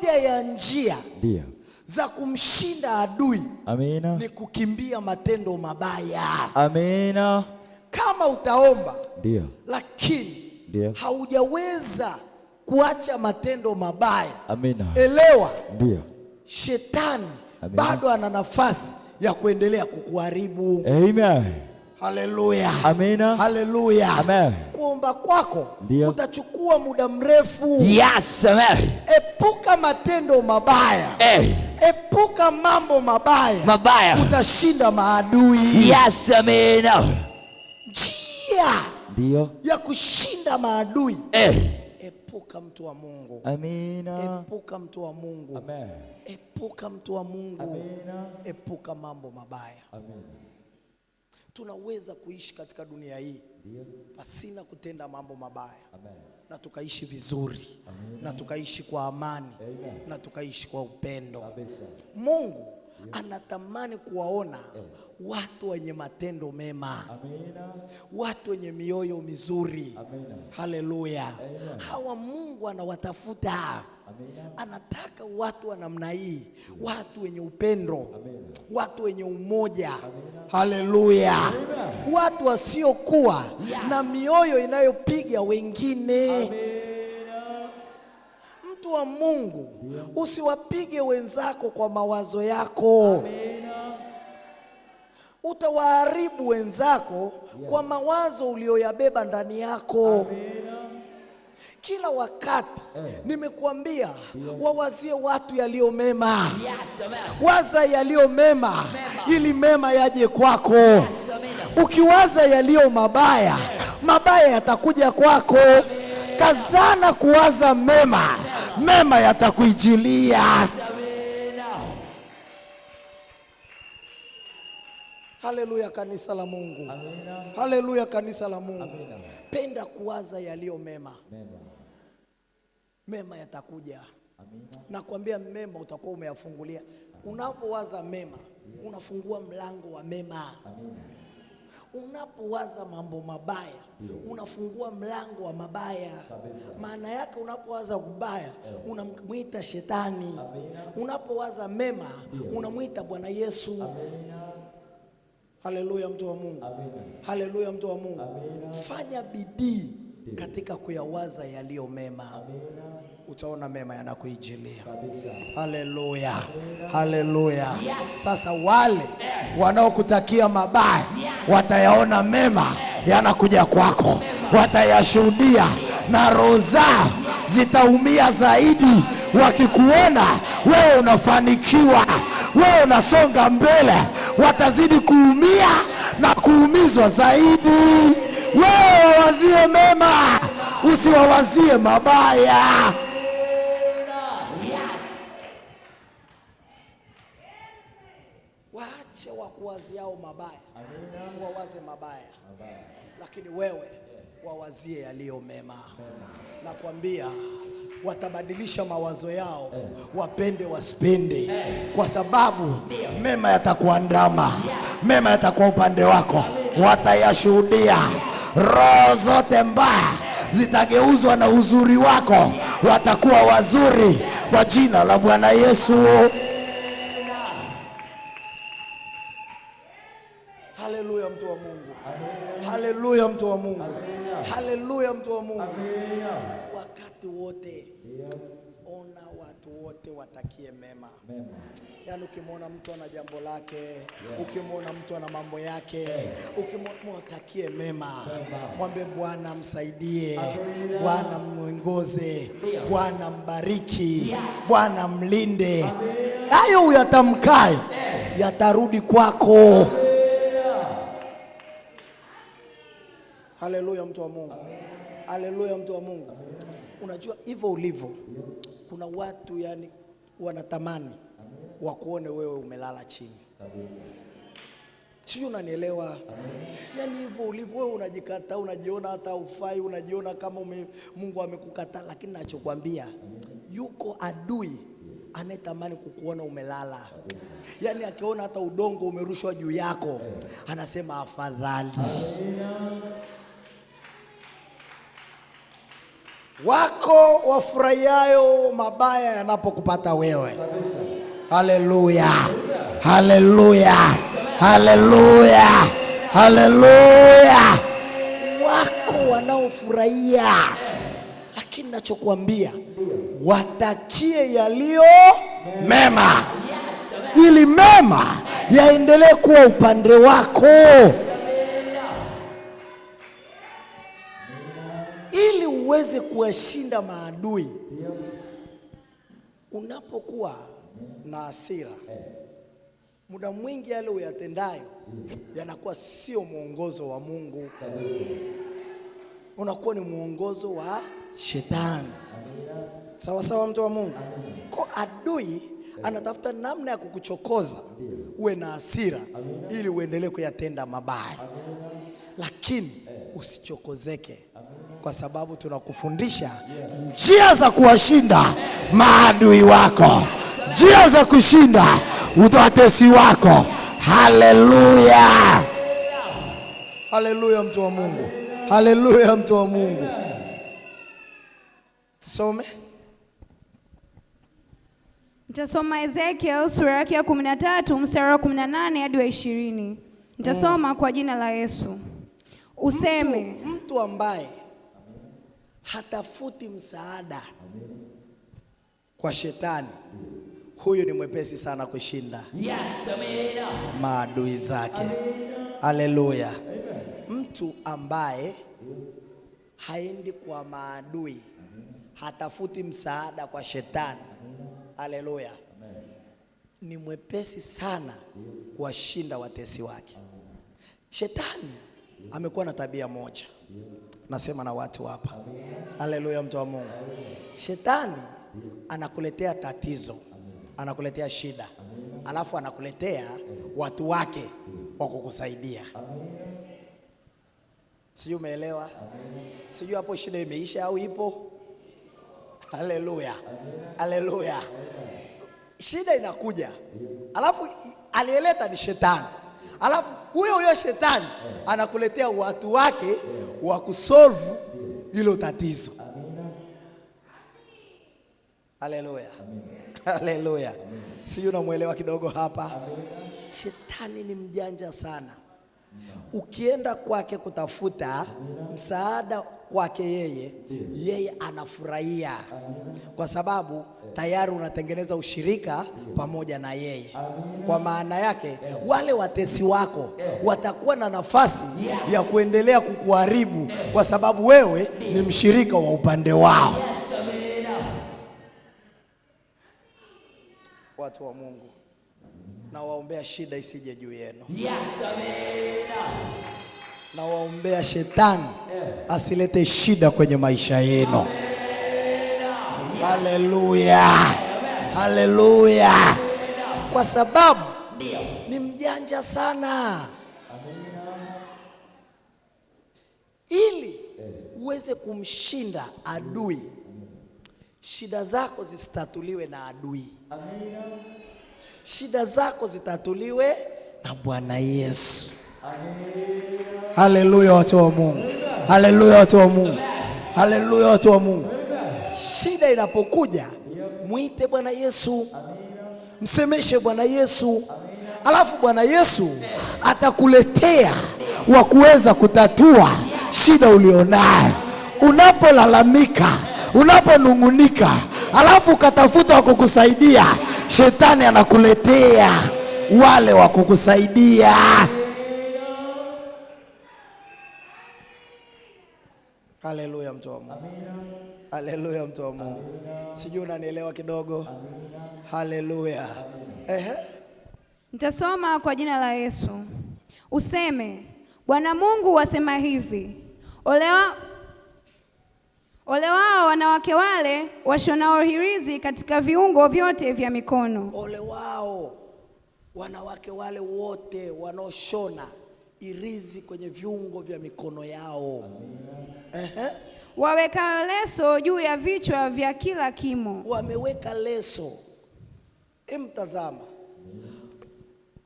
moja ya njia ndio za kumshinda adui Amina. ni kukimbia matendo mabaya Amina. Kama utaomba ndio, lakini ndio haujaweza kuacha matendo mabaya Amina. Elewa ndio, shetani Amina. bado ana nafasi ya kuendelea kukuharibu Amen. Haleluya. Amina. Haleluya. Amen. Kuomba kwako Utachukua muda mrefu. Yes, amen. Epuka matendo mabaya. Hey. Eh. Epuka mambo mabaya. Mabaya. Utashinda maadui. Yes, amen. Njia Ndio. ya kushinda maadui. Hey. Eh. Epuka mtu wa Mungu. Amina. Epuka mtu wa Mungu. Amen. Epuka mtu wa Mungu. Amina. Epuka mambo mabaya. Amina tunaweza kuishi katika dunia hii pasina kutenda mambo mabaya Amen. Na tukaishi vizuri Amen. Na tukaishi kwa amani Amen. Na tukaishi kwa upendo Mungu anatamani kuwaona watu wenye matendo mema, watu wenye mioyo mizuri. Haleluya! hawa Mungu anawatafuta anataka watu wa namna hii, watu wenye upendo, watu wenye umoja. Haleluya! watu wasiokuwa yes. na mioyo inayopiga wengine watu wa Mungu, usiwapige wenzako kwa mawazo yako. Utawaharibu wenzako kwa mawazo uliyoyabeba ndani yako. Kila wakati eh. nimekuambia wawazie watu yaliyo mema. Waza yaliyo mema ili mema yaje kwako. Ukiwaza yaliyo mabaya, mabaya yatakuja kwako. Kazana kuwaza mema mema yatakuijilia. Haleluya, kanisa la Mungu. Haleluya, kanisa la Mungu. Amina. Penda kuwaza yaliyo mema. Mema, yatakuja. Nakwambia mema utakuwa umeyafungulia. Unapowaza mema, unafungua mlango wa mema. Amina. Unapowaza mambo mabaya unafungua mlango wa mabaya. Maana yake unapowaza ubaya eh. unamwita shetani, unapowaza mema unamwita Bwana Yesu. Haleluya, mtu wa Mungu. Haleluya, mtu wa Mungu. Fanya bidii katika kuyawaza yaliyo mema utaona mema yanakuijilia. Haleluya, haleluya! Sasa wale wanaokutakia mabaya watayaona mema yanakuja kwako, watayashuhudia na roho zao zitaumia zaidi wakikuona wewe unafanikiwa, wewe unasonga mbele. Watazidi kuumia na kuumizwa zaidi. Wewe wawazie mema, usiwawazie mabaya. wawaziao mabaya wawaze mabaya, lakini wewe wawazie yaliyo mema. Nakwambia watabadilisha mawazo yao, wapende wasipende, kwa sababu mema yatakuandama, mema yatakuwa upande wako, watayashuhudia. Roho zote mbaya zitageuzwa na uzuri wako, watakuwa wazuri kwa jina la Bwana Yesu. Haleluya, mtu wa Mungu. Haleluya, mtu wa Mungu. Wakati wote ona watu wote watakie mema, mema. Yaani ukimwona mtu ana jambo lake yes. Ukimwona mtu ana mambo yake yes. watakie mema, mwambie Bwana msaidie, Bwana mwongoze, Bwana mbariki yes. Bwana mlinde. Hayo uyatamkae yatarudi kwako. Haleluya, mtu wa Mungu. Haleluya, mtu wa Mungu. Unajua hivyo ulivyo, kuna watu yani wanatamani wakuone wewe umelala chini, sio unanielewa? Yani hivyo ulivyo wewe, unajikataa, unajiona hata ufai, unajiona kama ume, Mungu amekukataa. Lakini nachokwambia yuko adui anayetamani kukuona umelala, yaani akiona hata udongo umerushwa juu yako anasema afadhali wako wafurahiayo mabaya yanapokupata wewe. Haleluya, haleluya, haleluya, haleluya. Wako wanaofurahia, lakini nachokuambia watakie yaliyo mema, ili mema yaendelee kuwa upande wako. ili uweze kuwashinda maadui. Unapokuwa na hasira, muda mwingi yale uyatendayo yanakuwa sio mwongozo wa Mungu, unakuwa ni mwongozo wa shetani. Sawa sawa, mtu wa Mungu. Kwa adui anatafuta namna ya kukuchokoza uwe na hasira ili uendelee kuyatenda mabaya, lakini usichokozeke kwa sababu tunakufundisha njia za kuwashinda maadui wako, njia za kushinda utatesi wako. Haleluya, haleluya, mtu wa Mungu, haleluya, mtu wa Mungu. Tusome, nitasoma Ezekiel sura yake ya 13 mstari wa 18 hadi wa 20. Nitasoma kwa jina la Yesu. Useme mtu, mtu ambaye hatafuti msaada kwa shetani. Huyu ni mwepesi sana kushinda yes, maadui zake. Haleluya! Mtu ambaye haendi kwa maadui, hatafuti msaada kwa shetani, haleluya, ni mwepesi sana kuwashinda watesi wake. Shetani amekuwa na tabia moja nasema na watu hapa. Haleluya, mtu wa Mungu. Shetani anakuletea tatizo, anakuletea shida, alafu anakuletea watu wake wa kukusaidia. Sijui umeelewa, sijui hapo shida imeisha au ipo. Haleluya, haleluya. Shida inakuja, alafu aliyeleta ni shetani, alafu huyo huyo shetani anakuletea watu wake yes, wa kusolvu hilo tatizo. Haleluya, haleluya! Sijui unamwelewa kidogo hapa. Amina. Shetani ni mjanja sana. Amina. Ukienda kwake kutafuta Amina. msaada kwake yeye, yeye anafurahia kwa sababu tayari unatengeneza ushirika pamoja na yeye. Kwa maana yake wale watesi wako watakuwa na nafasi ya kuendelea kukuharibu kwa sababu wewe ni mshirika wa upande wao. Watu wa Mungu, nawaombea shida isije juu yenu. Yes, amina na waombea shetani asilete shida kwenye maisha yenu. Haleluya, haleluya, kwa sababu ni mjanja sana. Ili uweze kumshinda adui, shida zako zisitatuliwe na adui, shida zako zitatuliwe na Bwana Yesu. Haleluya, watu wa Mungu. Haleluya, watu wa Mungu. Haleluya, watu wa Mungu. Shida inapokuja mwite Bwana Yesu, msemeshe Bwana Yesu, alafu Bwana Yesu atakuletea wa kuweza kutatua shida ulionayo. Unapolalamika, unaponung'unika, alafu ukatafuta wa kukusaidia, shetani anakuletea wale wa kukusaidia. Haleluya, mtu wa Mungu. Haleluya, mtu wa Mungu, sijui unanielewa kidogo. Haleluya. Ehe, nitasoma kwa jina la Yesu. Useme, Bwana Mungu wasema hivi, olewa ole wao wanawake wale washonao hirizi katika viungo vyote vya mikono. Ole wao wanawake wale wote wanaoshona irizi kwenye viungo vya mikono yao. Ehe. Waweka leso juu ya vichwa vya kila kimo. Wameweka leso. Emtazama,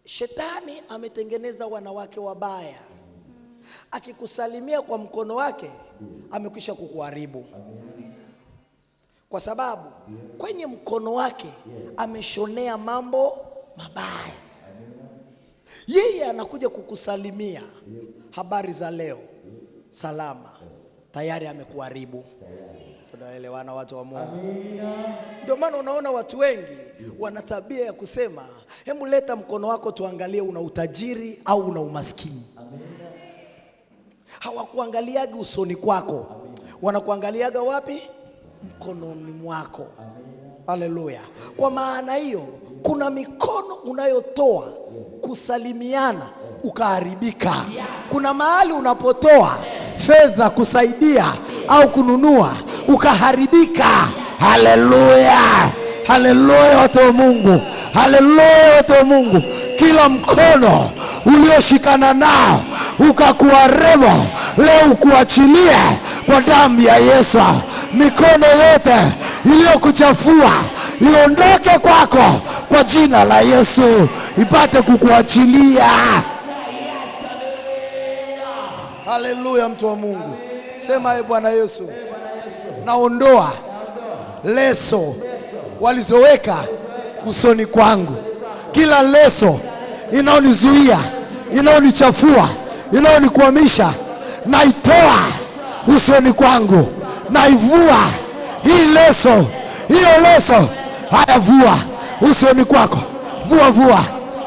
shetani ametengeneza wanawake wabaya. Akikusalimia kwa mkono wake amekwisha kukuharibu, kwa sababu kwenye mkono wake ameshonea mambo mabaya. Yeye anakuja kukusalimia habari za leo, salama. Tayari amekuharibu. Tunaelewana watu wa Mungu? Ndio maana unaona watu wengi wana tabia ya kusema, hebu leta mkono wako tuangalie, una utajiri au una umaskini. Hawakuangaliagi usoni kwako, wanakuangaliaga wapi? Mkononi mwako. Haleluya! Kwa maana hiyo, kuna mikono unayotoa kusalimiana ukaharibika. Kuna mahali unapotoa fedha kusaidia au kununua ukaharibika. Haleluya, haleluya, watu wa Mungu, haleluya, watu wa Mungu. Kila mkono ulioshikana nao ukakuwa rebo, leo ukuachilie kwa damu ya Yesu. Mikono yote iliyokuchafua iondoke kwako kwa jina la Yesu ipate kukuachilia. Haleluya, mtu wa Mungu, sema ye ee Bwana Yesu, naondoa leso walizoweka usoni kwangu, kila leso inaonizuia, inaonichafua, inaonikwamisha, naitoa usoni kwangu, naivua hii leso, hiyo leso. Haya, vua usoni kwako, vua vua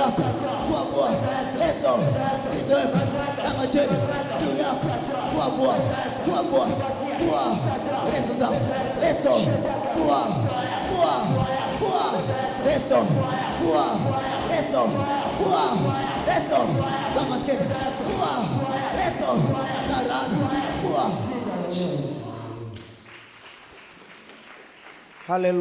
yako kuagua leso zilizowekwa na majeni juu yako kuagua kuagua kuwa leso zao leso kuwa kuwa kuwa leso kuwa leso kuwa leso kwa maskini kuwa leso karani kuwa Hallelujah.